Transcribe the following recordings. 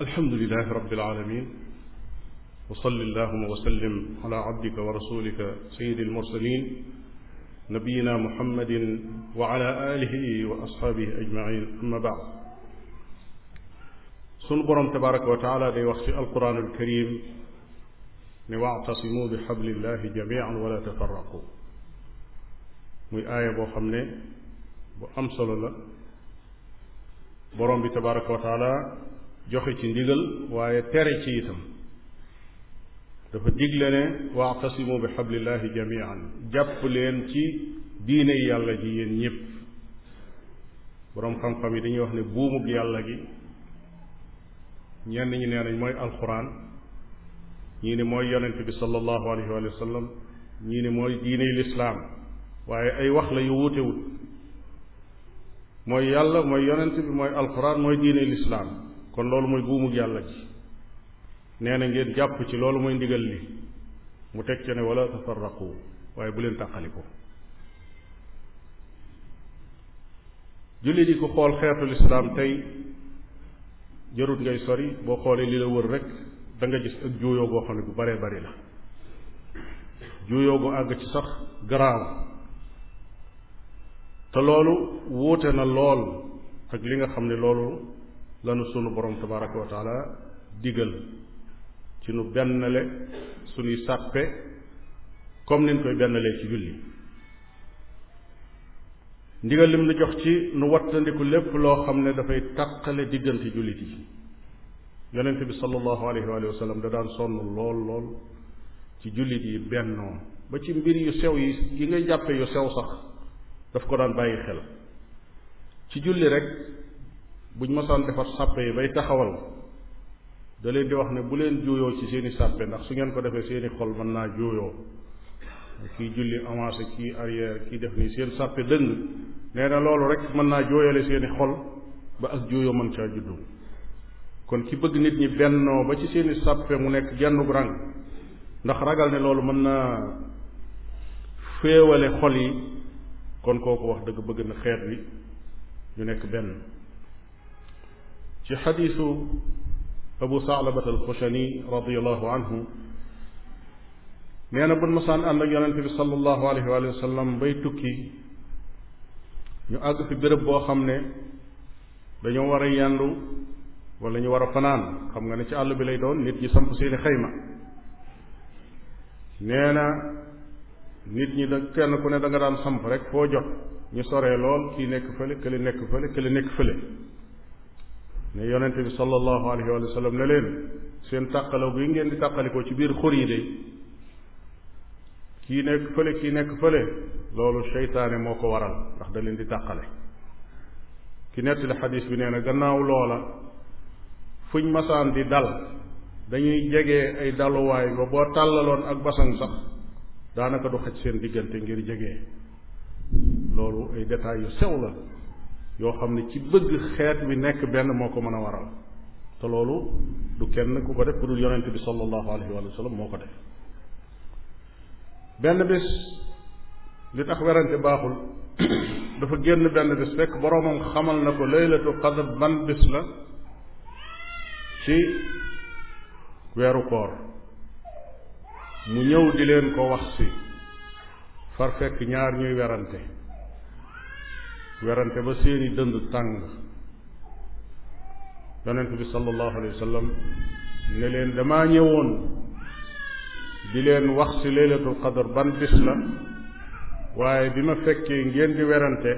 alhamdulilahi rabbil alamin wa salli allahuma wa sallim ala abdika wa rasulika sayidi almursalin nabiyina muhammadin wa ala alihi wa ashaabihi ajmain amma baad sunu boroom tabaraka wa taala day wax ci alquran alkarim ne wa'tasimu bi hablillahi jamian wala tafarraqu muy aaya boo xam ne bu am solo la boroom bi tabaraka wa taala joxe ci ndigal waaye tere ci itam dafa digle ne waatasimu bi xablillahi jamian jàpp leen ci diine yàlla ji yéen ñëpp boroom xam-xam yi dañuy wax ne buumub yàlla gi ñeen ñi nee nañ mooy alxuraan ñii ne mooy yonent bi sallallahu alayhi wa sallam ñii ne mooy diiney lislaam waaye ay wax la yu wuute mooy yàlla mooy yonent bi mooy alquran mooy diiney lislaam kon loolu mooy buumug yàlla ji nee na ngeen jàpp ci loolu mooy ndigal li mu teg ci ne wala tafarraqu waaye bu leen tàqaliko jullit yi ko xool xeetu lislaam tey jarut ngay sori boo xoolee li la wër rek danga gis ak juuyoo goo xam ne bu baree bari la juuyoo gu àgg ci sax garaaw te loolu wuute na lool ak li nga xam ne loolu lanu sunu borom tabaraka wa taala digal ci nu bennale suñuy sàppe comme niñ koy bennalee ci julli ndigal lim nu jox ci nu wattandiku lépp loo xam ne dafay tàqale diggante jullit yi yonente bi sallallahu alayhi wa sallam da daan sonn lool lool ci jullit yi bennoo ba ci mbir yu sew yi yi ngay jàppe yu sew sax daf ko daan bàyyi xel ci julli rek buñ mosaan defar sàppe yi bay taxawal da leen di wax ne bu leen juuyoo ci seeni sàppe ndax su ngeen ko defee seeni xol mën naa juuyoo kii julli avancé kii arrière kii def nii seen sàppe dëng nee na loolu rek mën naa jooyale seeni xol ba ak jooyoo mën caa juddu kon ki bëgg nit ñi bennoo ba ci seeni sàppe mu nekk gennub rang ndax ragal ne loolu mën naa féewale xol yi kon kooku wax dëgg bëgg na xeet wi ñu nekk benn ci xadiisu abu saalabat alxushani radiallahu anhu nee na bun masaan ànd ak yonente bi salallahu alayhi wa sallam bay tukki ñu àgg fi béréb boo xam ne dañoo war a yendu wala ñu war a fanaan xam nga ne ci àll bi lay doon nit ñi samp seeni xayma nee na nit ñi da kenn ku ne da nga daan samp rek foo jot ñu soree lool kii nekk fële kële nekk fële kële nekk fële yonente bi sallallahu alayhi wa sallam ne leen seen tàqaloo bi ngeen di tàqalikoo ci biir xur yi de kii nekk fële kii nekk fële loolu seytaane moo ko waral ndax da leen di tàqale ki nettali xadis bi nee na gannaaw loola fuñ masaan di dal dañuy jege ay daluwaay ba boo tàllaloon ak basan sax daanaka du xaj seen diggante ngir jege loolu ay détails sew la yoo xam ne ci bëgg xeet wi nekk benn moo ko mën a waral te loolu du kenn ku ko def ku dul yonente bi sallallahu alayhi wa sallam moo ko def benn bis li tax werante baaxul dafa génn benn bis fekk boroomam xamal na ko laylatu qadr ban bis la ci weeru koor mu ñëw di leen ko wax si far fekk ñaar ñuy werante werante ba seeni dënd tàng yonent bi sallallahu alayhi wa sallam ne leen damaa ñëwoon di leen wax ci laylatul qadr ban bis la waaye bi ma fekkee ngeen di werante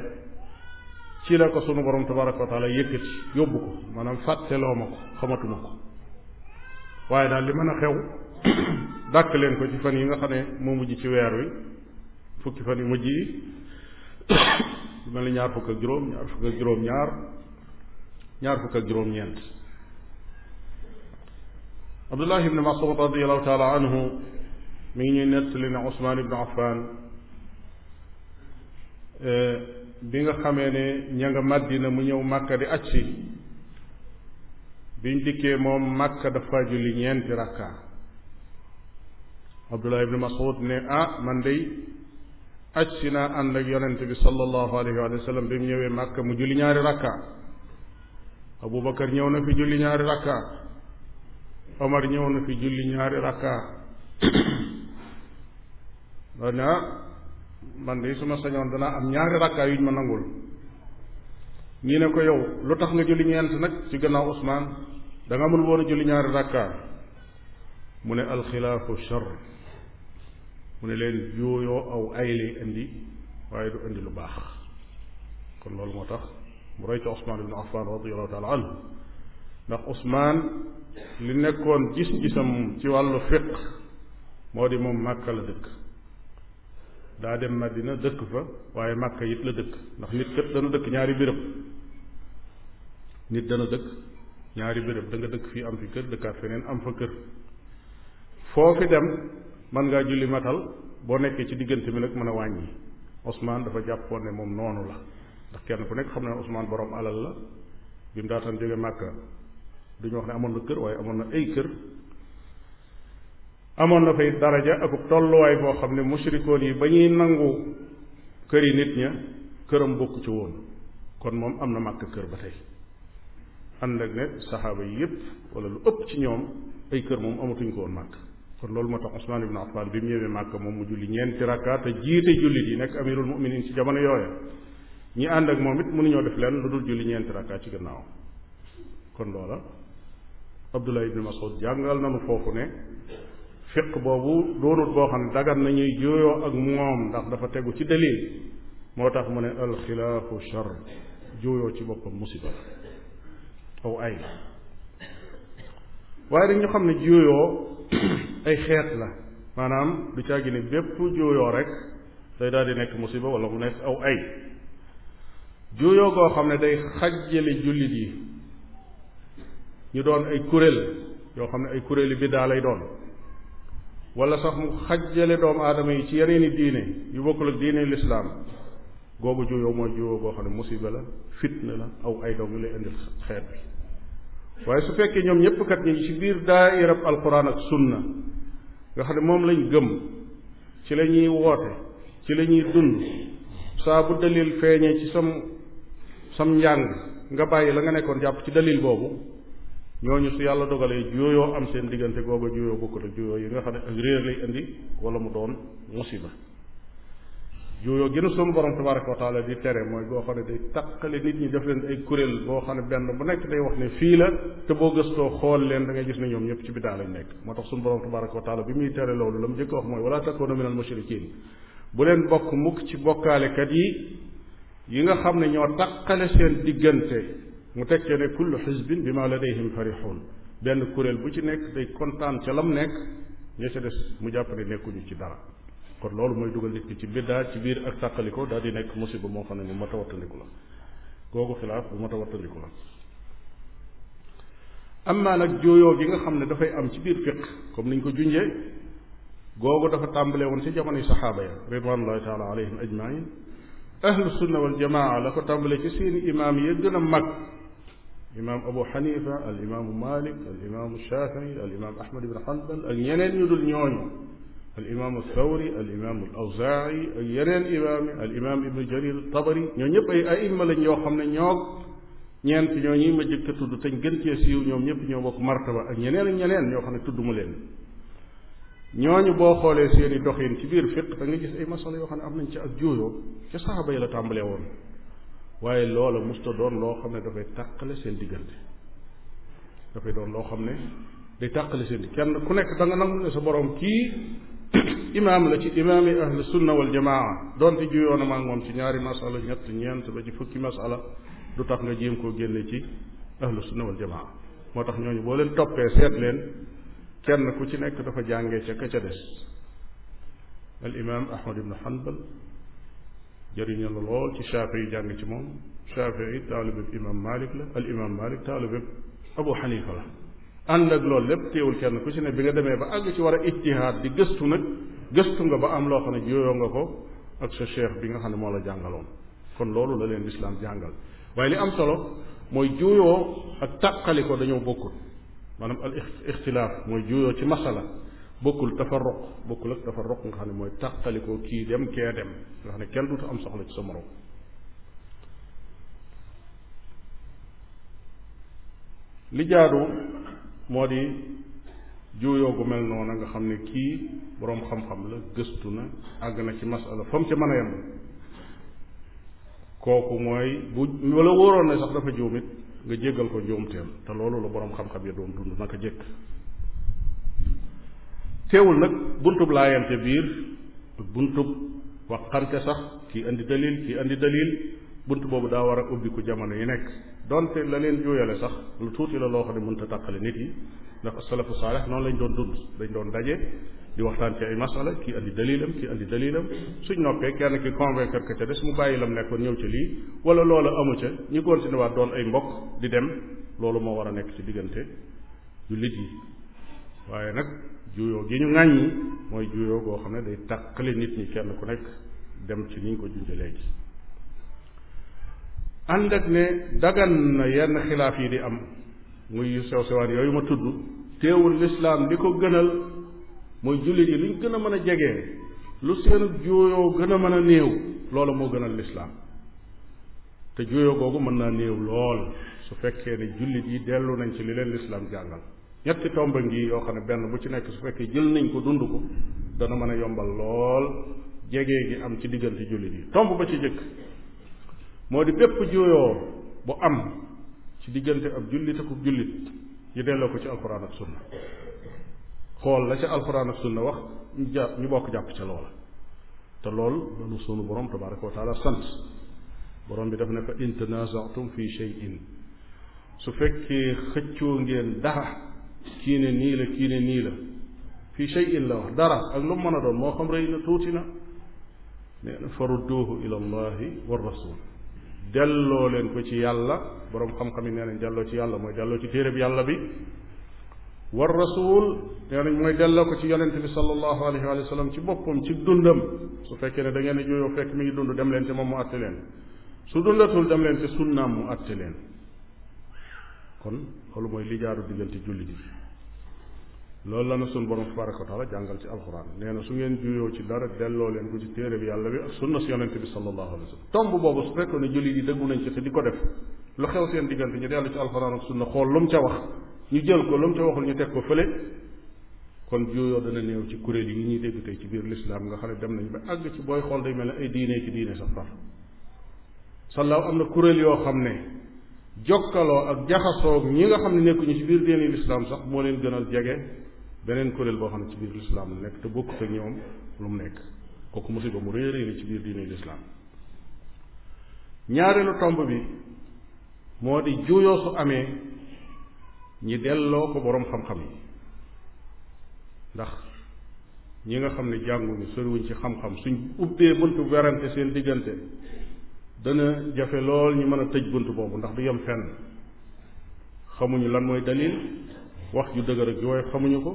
ci la ko sunu borom tabaraka wa taala yëkkati yóbbu ko maanaam fàtteloo ma ko xamatuma ko waaye daal li mën a xew dàkk leen ko ci fan yi nga xam ne moo mujj ci weer wi fukki fan yi mujj yi lu mel ni ñaar fukk ak juróom ñaar ñaar fukk ak juróom-ñeent abdullah ibne masud radiallahu taala anhu mi ngi ñuy nettali ne Ousmane ibne Affan e, bi nga xamee ne ña nga Madina mu ñëw Makka di acci biñ dikkee moom Makka dafa julli ñeenti rakka Abdullah ibne Masud ne ah man day aj si naa ànd ak yonente bi sallallahu alayhi wa sallam bi mu ñëwee màkka mu julli ñaari rakka abubakar ñëw na fi julli ñaari rakka omar ñëw na fi julli ñaari rakka loolu ne ah man de su sañoon danaa am ñaari rakka yuñ ma nangul ñi ne ko yow lu tax nga julli ñeent nag ci gannaaw Usmaan da nga amul woon a julli ñaari rakka mu ne alxilaafu shar mu ne leen yooyoo aw ay indi waaye du indi lu baax kon loolu moo tax mu roy ca Ousmane ibn Affan radiallahu taala anhu ndax Ousmane li nekkoon gis-gisam ci wàllu fiq moo di moom Màkka la dëkk daa dem Madina dëkk fa waaye Màkka it la dëkk ndax nit kat dana dëkk ñaari béréb nit dana dëkk ñaari béréb da dëkk fii am fi kër dëkkaat feneen am fa kër foo fi dem man ngaa julli matal boo nekkee ci diggante bi nag mën a wàññi Ousmane dafa jàppoon ne moom noonu la ndax kenn ku nekk xam ne Ousmane borom alal la bi mu daataan jóge Màkka duñu wax ne amoon na kër waaye amoon na ay kër amoon na fay daraja ak tolluwaay boo xam ne mushrikoon yi ba ñuy nangu kër yi nit ña këram bokk ci woon kon moom am na Màkka kër ba tey ànd ak ne saxaaba yi yépp wala lu ëpp ci ñoom ay kër moom amatuñu ko woon Màkka kon loolu moo tax Usmaan ibn Affaan bi mu ñëwee Màkka moom mu julli ñeenti rakka te jiite jullit yi nekk amirul muminin ci jamono yooya ñi ànd ak moom it mënuñoo def leen lu dul julli ñeenti rakka ci gannaaw kon loola Abdullah ibn Mas'ud jàngal nañu foofu ne fiq boobu doonut boo xam ne dagan nañuy jooyoo ak moom ndax dafa tegu ci dalil moo tax mu ne alxilaafu char jooyoo ci boppam musiba aw ay waaye ñu xam ne juyoo ay xeet la maanaam du caagi ne bépp juyoo rek day daal di nekk musiba wala mu nekk aw ay juyoo goo xam ne day xajjale jullit yi ñu doon ay kuréel yoo xam ne ay bi daal lay doon wala sax mu xajjale doomu aadama yi ci yeneeni diine yu bokkul ak diine lislaam googu juyoo mooy juyoo goo xam ne musiba la fitna la aw ay doom yu lay indil xeet bi waaye su fekkee ñoom ñëpp kat ñi ci biir daayirab alquran ak sunna nga xam ne moom lañu gëm ci la ñuy woote ci lañuy ñuy dund saa dalil feeñee ci sam sam njàng nga bàyyi la nga nekkoon jàpp ci dalil boobu ñooñu su yàlla dogalee juyoo am seen diggante googu juyoo bokkut ak juyoo yi nga xam ne ak réer lay indi wala mu doon musiba yooyu gën a sunu borom tabaraka taala di tere mooy goo xam ne day taqale nit ñi def leen ay kurél boo xam ne benn bu nekk day wax ne fii la te boo gëstoo xool leen da ngay gis ne ñoom ñëpp ci biddaa lañ nekk moo tax sunu borom tabaraka bi muy tere loolu la mu njëkk wax mooy wala takoonu minal mushrikiin bu leen bokk mukk ci bokkaalekat yi yi nga xam ne ñoo taqale seen diggante mu teg ci ne kullu xisbin bi ma ladayhim farixuun benn kuréel bu ci nekk day kontaan ca lam nekk ña ca des mu jàpp ne nekkuñu ci dara kon loolu mooy dugal nit ki ci biddaa ci biir ak tàqaliko daal di nekk musiba moo xam ne mu mat a wattandiku la googu xilaaf bu mat a wattandiku la am naa nag jooyoo gi nga xam ne dafay am ci biir fiq comme niñ ko junjee googu dafa tàmbalee woon ci jamonoy saxaaba ya ridwanullahi taala alayhim ajmain ahlu sunna wal la ko tàmbalee ci seen imaam yi gën a mag imaam abu xanifa al malik al imaamu shafii al imaam ahmad ak ñeneen ñu dul alimaam althawri alimaam alawzaai ak yeneen imaam yi alimaam ibnu jarir tabari ñoo ñëpp ay aima lañ yoo xam ne ñoog ñeent ñoo ñi ma jëkk a tudd te gën cee siiw ñoom ñëpp ñoo bokk martaba ak ñeneen ak ñeneen ñoo xam ne tudd ma leen ñu boo xoolee seen i doxin ci biir fiq da nga gis ay masala yoo xam ne am nañ ci ak jooyoo ca saxaaba yi la tàmbalee woon waaye loola musta doon loo xam ne dafay tàqale seen diggante dafay doon loo xam ne day tàqale seen di kenn ku nekk da nga nangu ne imaam la ci imaami ahli sunna wal jamaa doonte juyoon ma ak moom ci ñaari masala ñett ñeent ba ci fukki masala du tax nga jéem koo génne ci ahli sunna wal jamaa moo tax ñooñu boo leen toppee seet leen kenn ku ci nekk dafa jàngee ca ka ca des al ahmad ibn hanbal jëriñ la lool ci shafii jàng ci moom shafii taalibeb imam malik la al imam malik taalibeb abu xanifa la ànd ak loolu lépp téewul kenn ku ci ne bi nga demee ba àgg ci war a ijtihaad di gëstu nga ba am loo xam ne yooyoo nga ko ak sa cheikh bi nga xam ne moo la jàngaloon kon loolu la leen lislaam jàngal waaye li am solo mooy juuyoo ak tàqali ko dañoo bokkul maanaam al ixtilaaf mooy juuyoo ci masala bokkul tafarruq bokkul ak tafarruq nga xam ne mooy tàqali ko kii dem kee dem nga xam ne kenn dutu am soxla ci sa morom li jaadu moo di juuyoo gu mel noonu nga xam ne kii boroom xam-xam la gëstu na àgg na ci masala fa mu ca mën a yem kooku mooy bu wala wóoroon ne sax dafa juumit nga jéggal ko njuumteem te loolu la boroom xam-xam ya doon dund naka jëkk teewul nag buntub laayante biir buntub waxante sax kii indi dalil kii indi dalil bunt boobu daa war a ubbi ku jamono yi nekk donte la leen juuyale sax lu tuuti la loo xam ne mënta tàqale nit yi ndax salafu saaleh noonu lañu doon dund dañ doon daje di waxtaan ci ay masala kii andi dalilam kii andi dalilam suñ noppee kenn ki convaincre que ca des mu bàyyi lam nekkoon ñëw ca lii wala loola amu ca ñu continué waat doon ay mbokk di dem loolu moo war a nekk ci diggante jullit yi waaye nag juyoo gi ñu yi mooy juyoo goo xam ne day tàqale nit ñi kenn ku nekk dem ci niñ ko junje léegi ànd ak ne dagan na yenn xilaaf yi di am muy yu sew sewaan yooyu ma tudd teewul lislaam li ko gënal mooy jullit yi luñ gën a mën a jege lu seen juyoo gën a mën a néew loolu moo gënal lislaam te juyoo googu mën naa néew lool su fekkee ne jullit yi dellu nañ ci li leen lislaam jàngal ñetti tomba ngi yoo xam ne benn bu ci nekk su fekkee jël nañ ko dund ko dana mën a yombal lool jege gi am ci diggante jullit yi tomb ba ci jëkk moo di bépp juyoo bu am diggante ab jullit ak jullit ñu delloo ko ci alxuraan ak sunna xool la ca alxuraan ak sunna wax ñu jàpp ñu bokk jàpp ca loola te lool lanu sunu borom tabaraka wa taala sant borom bi daf ne fa in tanazatum fi shay'in su fekkee xëccoo ngeen dara kii ne nii la kii ne nii la fi shay'in la wax dara ak lu mën a doon moo xam rëy na tuuti na nee na farudduhu ila allahi wa rasul delloo leen ko ci yàlla boroom xam-xam yi nee nañ delloo ci yàlla mooy delloo ci téereb yàlla bi war rasul nee nañ mooy delloo ko ci yonent bi sallallahu alayhi wa sallam ci boppam ci dundam su fekkee ne da ngeen jooyoo fekk mi ngi dund dem leen ci moom mu àtte leen su dundatul dem leen ci sunnaam mu àtte leen kon loolu mooy li jaaru diggante jullit yi loolu la na suñu borom tabaraka wa taala jàngal ci alxuraan nee na su ngeen juyoo ci dara delloo leen ko ci téere bi yàlla bi ak sunna si yonente bi sallallahu alayhi tomb boobu su fekkoon ne jullit yi dëggu nañ ci te di ko def lu xew seen diggante ñu dellu ci alxuraan ak sunna xool lu mu ca wax ñu jël ko lu mu ca waxul ñu teg ko fële kon juyoo dana néew ci kuréel yi ñuy dégg tey ci biir lislaam nga xam ne dem nañ ba àgg ci booy xool day mel ne ay diine ci diine sax far sallaaw am na kuréel yoo xam ne jokkaloo ak jaxasoo ñi nga xam ne nekkuñu ci moo leen gënal jege beneen kuréel boo xam ne ci biir lislaam la nekk te bokkut ak ñoom lu mu nekk kooku musiba mu rëy a rëy la ci biir diine lislaam ñaareelu tomb bi moo di juuyoo su amee ñi delloo ko boroom xam-xam yi ndax ñi nga xam ne jànguñu soriwuñ ci xam-xam suñ ubbee buntu werante seen diggante dana jafe lool ñu mën a tëj bunt boobu ndax du yem fenn xamuñu lan mooy dalil wax ju dëgër ak ju woyof xamuñu ko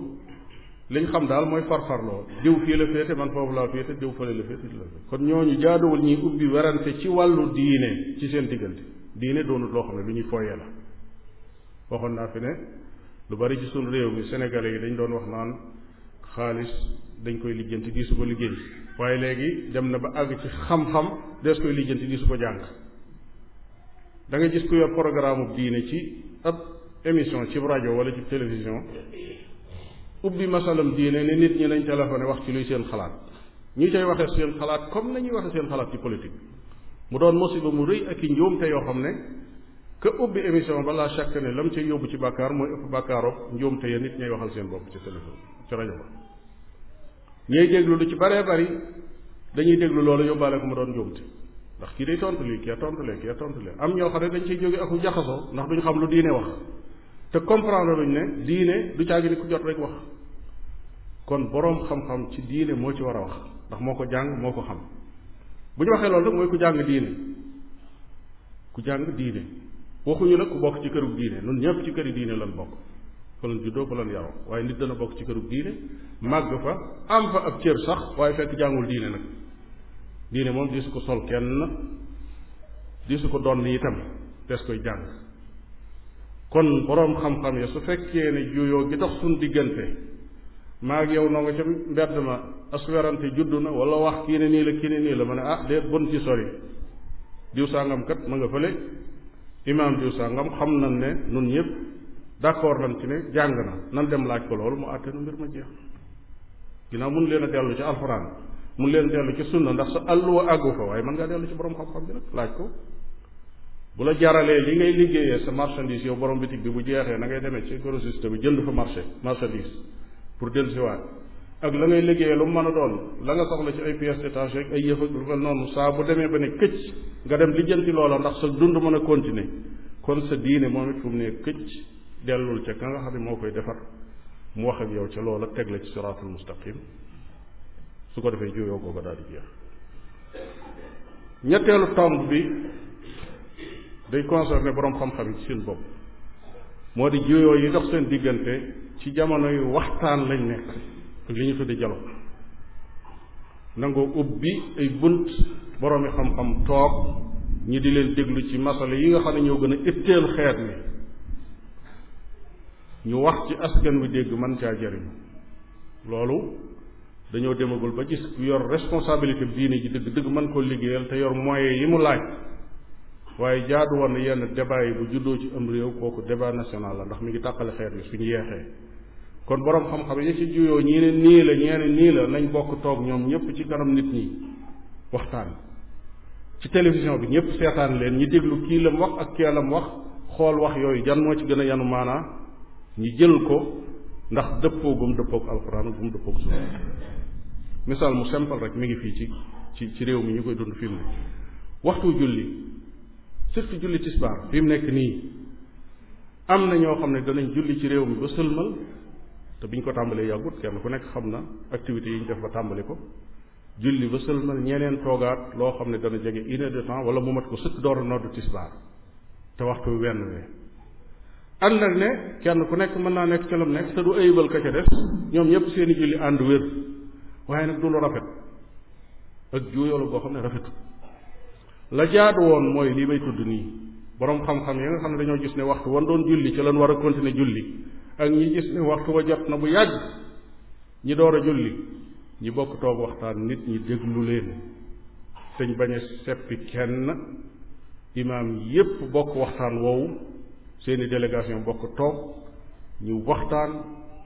liñ xam daal mooy farfarloo diw fii la féete man foofu laa féete diw fële la féete la féete kon ñooñu jaaduwul ñuy ubbi werante ci wàllu diine ci seen diggante diine doonut loo xam ne lu ñuy foyee la waxoon naa fi ne lu bari ci suñu réew mi sénégalais yi dañ doon wax naan xaalis dañ koy lijjanti di su ko liggéey waaye léegi dem na ba àgg ci xam-xam des koy lijjanti di su ko jàng da nga gis ku yor programme diine ci ab émission ci rajo wala ci télévision ubbi masalam diine ne nit ñi nañ téléphoné wax ci luy seen xalaat ñi cay waxee seen xalaat comme nañuy waxee seen xalaat ci politique mu doon musiba mu rëy ak i njuumte yoo xam ne que ubbi émission balaa chaque ne lam cay yóbbu ci bàkkaar mooy ëpp bàkkaaroog njuumte ya nit ñay waxal seen bopp ci téléphone ci rajo ba ñay déglu lu ci baree bari dañuy déglu loolu yóbbaale ko mu doon njuumte ndax kii day tontu lii kii a tontu lee kii a am ñoo xam ne dañ cay jóge aku jaxasoo ndax duñ xam lu diine wax te comprendre luñ ne diine du caagi ni ku jot rek wax kon boroom xam-xam ci diine moo ci war a wax ndax moo ko jàng moo ko xam bu ñu waxee loolu mooy ku jàng diine ku jàng diine waxuñu nag ku bokk ci këru diine nun ñëpp ci këri diine lan bokk fa lan juddoo fa lan yaroo waaye nit dana bokk ci këru diine màgg fa am fa ab cër sax waaye fekk jàngul diine nag diine moom di ko sol kenn di ko ko doon itam des koy jàng kon boroom xam-xam ya su fekkee ne juyoo gi dox suñ diggante maag yow noo nga ca mbedd ma as werante juddu na wala wax kii ne nii la kii ne nii la ma ne ah déet bon ci sori diw sàngam kat ma nga fële imaam diw sàngam xam nañ ne nun ñëpp d'accord nañ ci ne jàng na nan dem laaj ko loolu mu àtte na mbir ma jeex ginnaaw mun leen a dellu ci alxuraan mun leen dellu ci sunna ndax sa àlluwa àggu fa waaye mën ngaa dellu ci boroom xam-xam bi laaj ko bu la jaralee li ngay liggéeyee sa marchandise yow borom bitig bi bu jeexee nangay ngay demee ci grossiste bi jënd fa marché marchandise pour dellusiwaat ak la ngay liggéeyee lu mën a doon la nga soxla ci ay pièces détachées ak ay yëf ak lu noonu saa bu demee ba ne këcc nga dem li lijjanti loola ndax sa dund mën a continuer kon sa diine moom it fu ne këcc dellul ca ka nga xam moo koy defar mu wax ak yow ca loola teg la ci siraatul mustaqim su ko defee jiw yow googa daal di jeex tomb bi. day concerné boroom xam-xam yi ci seen bopp moo di juyoo yi dox seen diggante ci jamono yu waxtaan lañ nekk ak li ñu tuddi dialogue nangoo ubbi ay bunt boroomi xam-xam toog ñi di leen déglu ci masala yi nga xam ne ñoo gën a itteel xeet ni ñu wax ci askan bu dégg mën caa jariñ loolu dañoo demagul ba gis yor responsabilité diine ji dëgg dëgg mën koo liggéeyal te yor moyens yi mu laaj waaye jaadu woon na yenn débat yi bu juddoo ci am réew kooku débat national la ndax mi ngi tàqale xeet bi suñu yeexee kon boroom xam-xam yi ci juyoo ñii ne nii la ñee ne nii la nañ bokk toog ñoom ñëpp ci kanam nit ñi waxtaan ci télévision bi ñëpp seetaan leen ñi déglu kii lam wax ak kee lam wax xool wax yooyu jan moo ci gën a yanu maanaa ñi jël ko ndax dëppoo gum dëppoog alxuraan gum dëppoog sunna misaal mu simple rek mi ngi fii ci ci ci réew mi ñu koy dund film surtout julli tisbaar fi mu nekk nii am na ñoo xam ne danañ julli ci réew mi ba sëlmal te biñ ko tàmbalee yàggut kenn ku nekk xam na activité yi ñu def ba tàmbali ko julli ba sëlmal ñeneen toogaat loo xam ne dana jege une heure de temps wala mu mat ko sëkk door a noddu tisbaar te waxtu wenn we ànd ak ne kenn ku nekk mën naa nekk ca nekk te du ayibal ka ca des ñoom ñëpp seeni julli ànd wér waaye nag du lu rafet ak juuyoo la boo xam ne rafetul la jaadu woon mooy lii may tudd nii boroom xam-xam yi nga xam ne dañoo gis ne waxtu wan doon julli ci lan war a continuer julli ak ñi gis ne waxtu wa jot na bu yàgg ñi door a julli ñi bokk toog waxtaan nit ñi déglu leen sëñ bañ a seppi kenn imaam yépp bokk waxtaan woowu seeni délégation bokk toog ñu waxtaan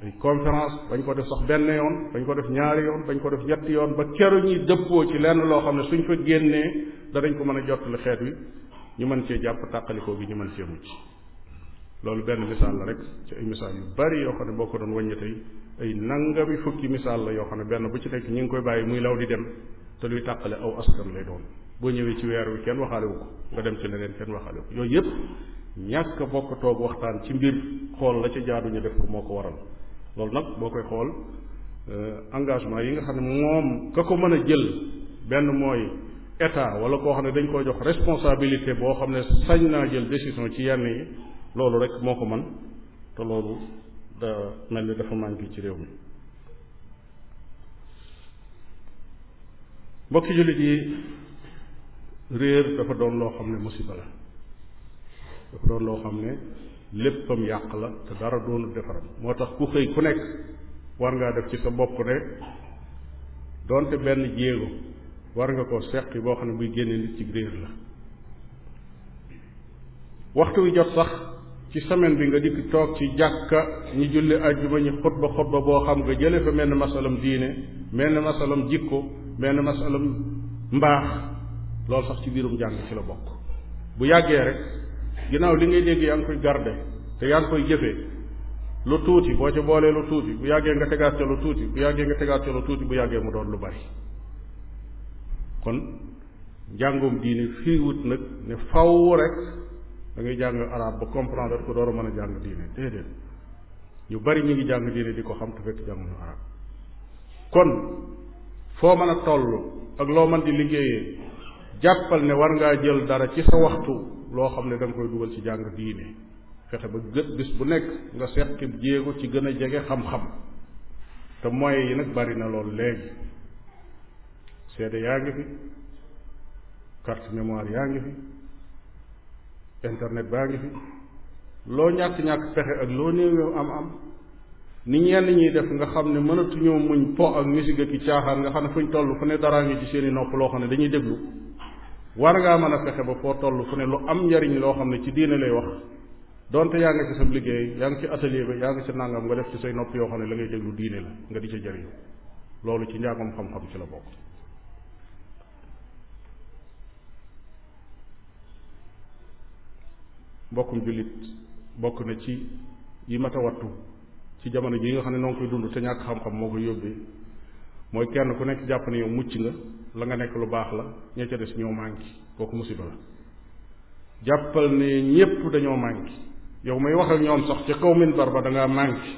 ay conférence bañ ko def sax benn yoon bañ ko def ñaari yoon bañ ko def ñetti yoon ba keru ñi dëppoo ci lenn loo xam ne suñ fa génnee danañ ko mën a jot jottali xeet wi ñu mën cee jàpp tàqalikoo gi ñu mën cee mucc loolu benn misaal la rek ci ay misaal yu bari yoo xam ne boo ko doon wàññi tey ay nangami fukki misaal la yoo xam ne benn bu ci nekk ñu ngi koy bàyyi muy law di dem te luy tàqale aw askan lay doon boo ñëwee ci weer wi kenn waxaalewu ko nga dem ci leneen kenn waxaalewu ko yooyu yëpp ñàkk a bokk toog waxtaan ci mbir xool la ca jaadu ñu def ko moo ko waral loolu nag boo koy xool euh, engagement yi nga xam ne moom ka ko mën a jël benn mooy état wala koo xam ne dañ koo jox responsabilité boo xam ne sañ naa jël décision ci yenn yi loolu rek moo ko man te loolu da mel ni dafa manqué ci réew mi mbokki jullit yi réer dafa doon loo xam ne musiba la dafa doon loo xam ne léppam yàq la te dara doonu defaram moo tax ku xëy ku nekk war ngaa def ci sa bopp ne doonte benn jéego war nga koo seqi boo xam ne buy génne nit ci réer la waxtu wi jot sax ci semaine bi nga dikk toog ci jàkka ñi julli ajjuma ñi xutba xutba boo xam nga jële fa menn masalam diine menn masalam jikko menn masalam mbaax loolu sax ci biirum jàng ci la bokk bu yàggee rek ginnaaw li ngay dégg yaa koy garde te yaa koy jëfee lu tuuti boo ci boolee lu tuuti bu yàggee nga tegaat ca lu tuuti bu yàggee nga tegaat ca lu tuuti bu yàggee mu doon lu bari kon njàngum diine fiiwut nag ne faw rek da jàng arab ba comprendre ko door a mën a jàng diine déedéet ñu bari ñu ngi jàng diine di ko xam te fekk jànguñu arab kon foo mën a toll ak loo mën di liggéeyee jàppal ne war ngaa jël dara ci sa waxtu loo xam ne da nga koy dugal ci jàng diine fexe ba gët bu nekk nga seqib jéego ci gën a jege xam-xam te moyens yi nag bari na loolu léegi CD yaa ngi fi carte mémoire yaa ngi fi internet baa ngi fi loo ñàkk-ñàkk pexe ak loo néew am am ni ñeen ñiy def nga xam ne mënatuñoo muñ po ak musique ak caaxaan nga xam ne fu ñu toll fu ne daraa ngi ci seeni nopp loo xam ne dañuy déglu war ngaa mën a fexe ba foo toll fu ne lu am njariñ loo xam ne ci diine lay wax donte yaa ngi ci sa liggéey yaa ngi ci atelier ba yaa ngi ci nangam nga def ci say nopp yoo xam ne la ngay déglu diine la nga di ca jariñ loolu ci njàngam xam ci la bokk mbokkum jullit bokk na ci yi mat ci jamono ji nga xam ne noo koy dund te ñàkk xam-xam moo koy yóbbee mooy kenn ku nekk jàpp ne yow mucc nga la nga nekk lu baax la ña ca des ñoo manqué kooku musiba la jàppal ne ñépp dañoo manqué yow may wax ak ñoom sax ca kaw min ba da ngaa manqué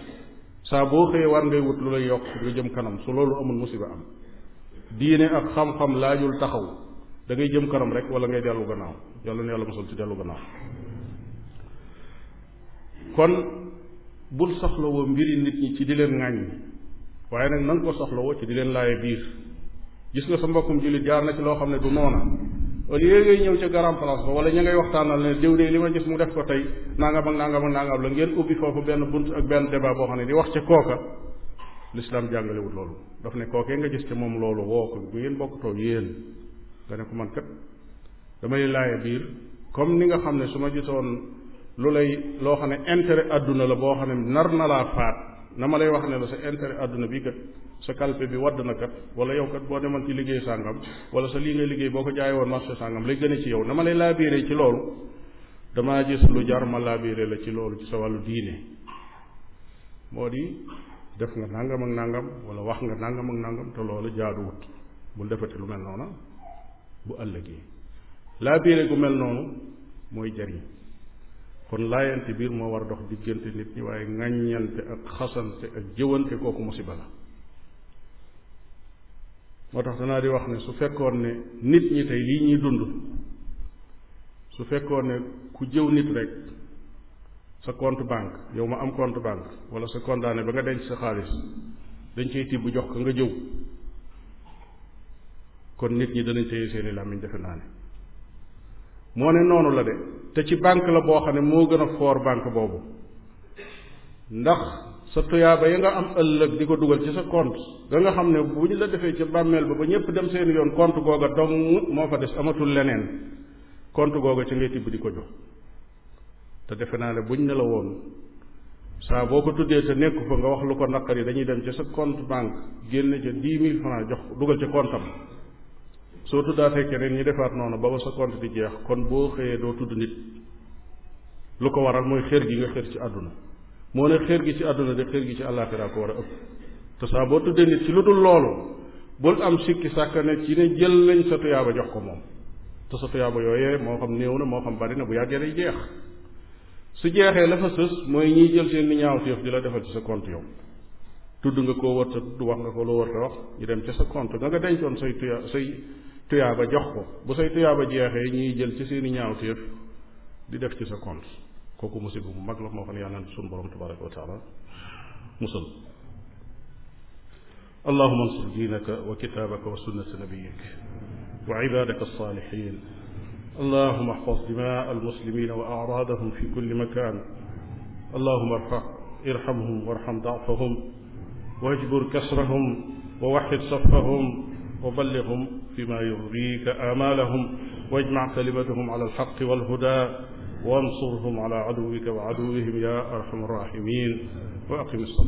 saa boo xëyee war ngay wut lu lay yokk nga jëm kanam su loolu amul musiba am diine ak xam-xam laajul taxaw da ngay jëm kanam rek wala ngay dellu gannaaw yàlla na yàlla mosal ci dellu gannaaw kon bul soxlawoo mbiri nit ñi ci di leen ŋàññ waaye nag na nga ko soxlawoo ci di leen laaye biir gis nga sa mbokkum jullit jaar na ci loo xam ne du noona au lieu ngay ñëw ca garam place ba wala ña ngay waxtaanal ne diw li ma gis mu def ko tey nangam ak nangam ak nangam la ngeen ubbi foofu benn bunt ak benn débat boo xam ne di wax ca kooka lislaam jàngalewut loolu daf ne kookee nga gis ca moom loolu woo ko bu ngeen bokkutoo yéen nga ne ko man kat dama lay nga xam ne su ma gisoon lu lay loo xam ne intérêt àdduna la boo xam ne nar na laa faat na ma lay wax ne la sa intérêt àdduna bii kat sa kalpe bi wadd na kat wala yow kat boo demoon ci liggéey sàngam wala sa lii nga liggéey boo ko jaay woon marché sàngam lay gën a ci yow na ma lay laabiire ci loolu damaa gis lu jar ma laabiire la ci loolu ci sa wàllu diine moo di def nga nangam ak nangam wala wax nga nangam ak nangam te loolu jaaduwut bul defati lu mel noonu bu ëllëgee laabiire gu mel noonu mooy jariñ kon laayante biir moo war dox diggante nit ñi waaye ŋàññante ak xasante ak jëwante kooku musiba la moo tax danaa di wax ne su fekkoon ne nit ñi tey lii ñuy dund su fekkoon ne ku jëw nit rek sa compte banque yow ma am compte banque wala sa condamné ba nga denc sa xaalis dañ cay tibb jox ko nga jëw kon nit ñi danañ téye seeni làmmiñ defe naa ne moo ne noonu la de te ci banque la boo xam ne moo gën a foor banque boobu ndax sa tuyaaba ya nga am ëllëg di ko dugal ci sa compte da nga xam ne bu ñu la defee ci bàmmeel ba ba ñëpp dem seen yoon compte googa dong moo fa des amatul leneen compte googa ci ngay tibb di ko jox te defe naa ne buñ ne la woon saa boo ko tuddee te nekku fa nga wax lu ko yi dañuy dem ci sa compte banque génne ca dix mille francs jox dugal ca compte am soo tuddaatee keneen ñi defaat noonu ba ba sa compte di jeex kon boo xëyee doo tudd nit lu ko waral mooy xër gi nga xër ci àdduna moo ne xër gi ci àdduna de xër gi ci àllaaxiraa ko war a ëpp te boo tuddee nit ci lu dul loolu bul am sikki sàkka ne ci ne jël lañ sa tuyaaba jox ko moom te sa tuyaaba yooyee moo xam néew na moo xam bari na bu yàggee day jeex su jeexee la fa sës mooy ñiy jël seen ñaaw téef di la defal ci sa compte yow tudd nga koo warta nga ko loo warta dem ca sa compte nga nga dencoon say tuya say tuyaaba jox ko bu say tuyaaba jeexee ñuy jël ci seeni ñaawteef di def ci sa compte kooku musiba bu mag la moo xam ne yàlla na suñu borom tabaraka wa taala musal allahuma ansur diinaka wa kitaabaka wa sunnata nabiyik wa ibaadaka alsaalihin allahuma axfaz dimaa almuslimina wa acraadahum fi kulli makan allahuma arfa irhamhum warham dacfahum wajbur kasrahum wa waxid safahum wa ballighum بما يرضيك آمالهم واجمع كلمتهم على الحق والهدى وانصرهم على عدوك وعدوهم يا أرحم الراحمين وأقم الصلاة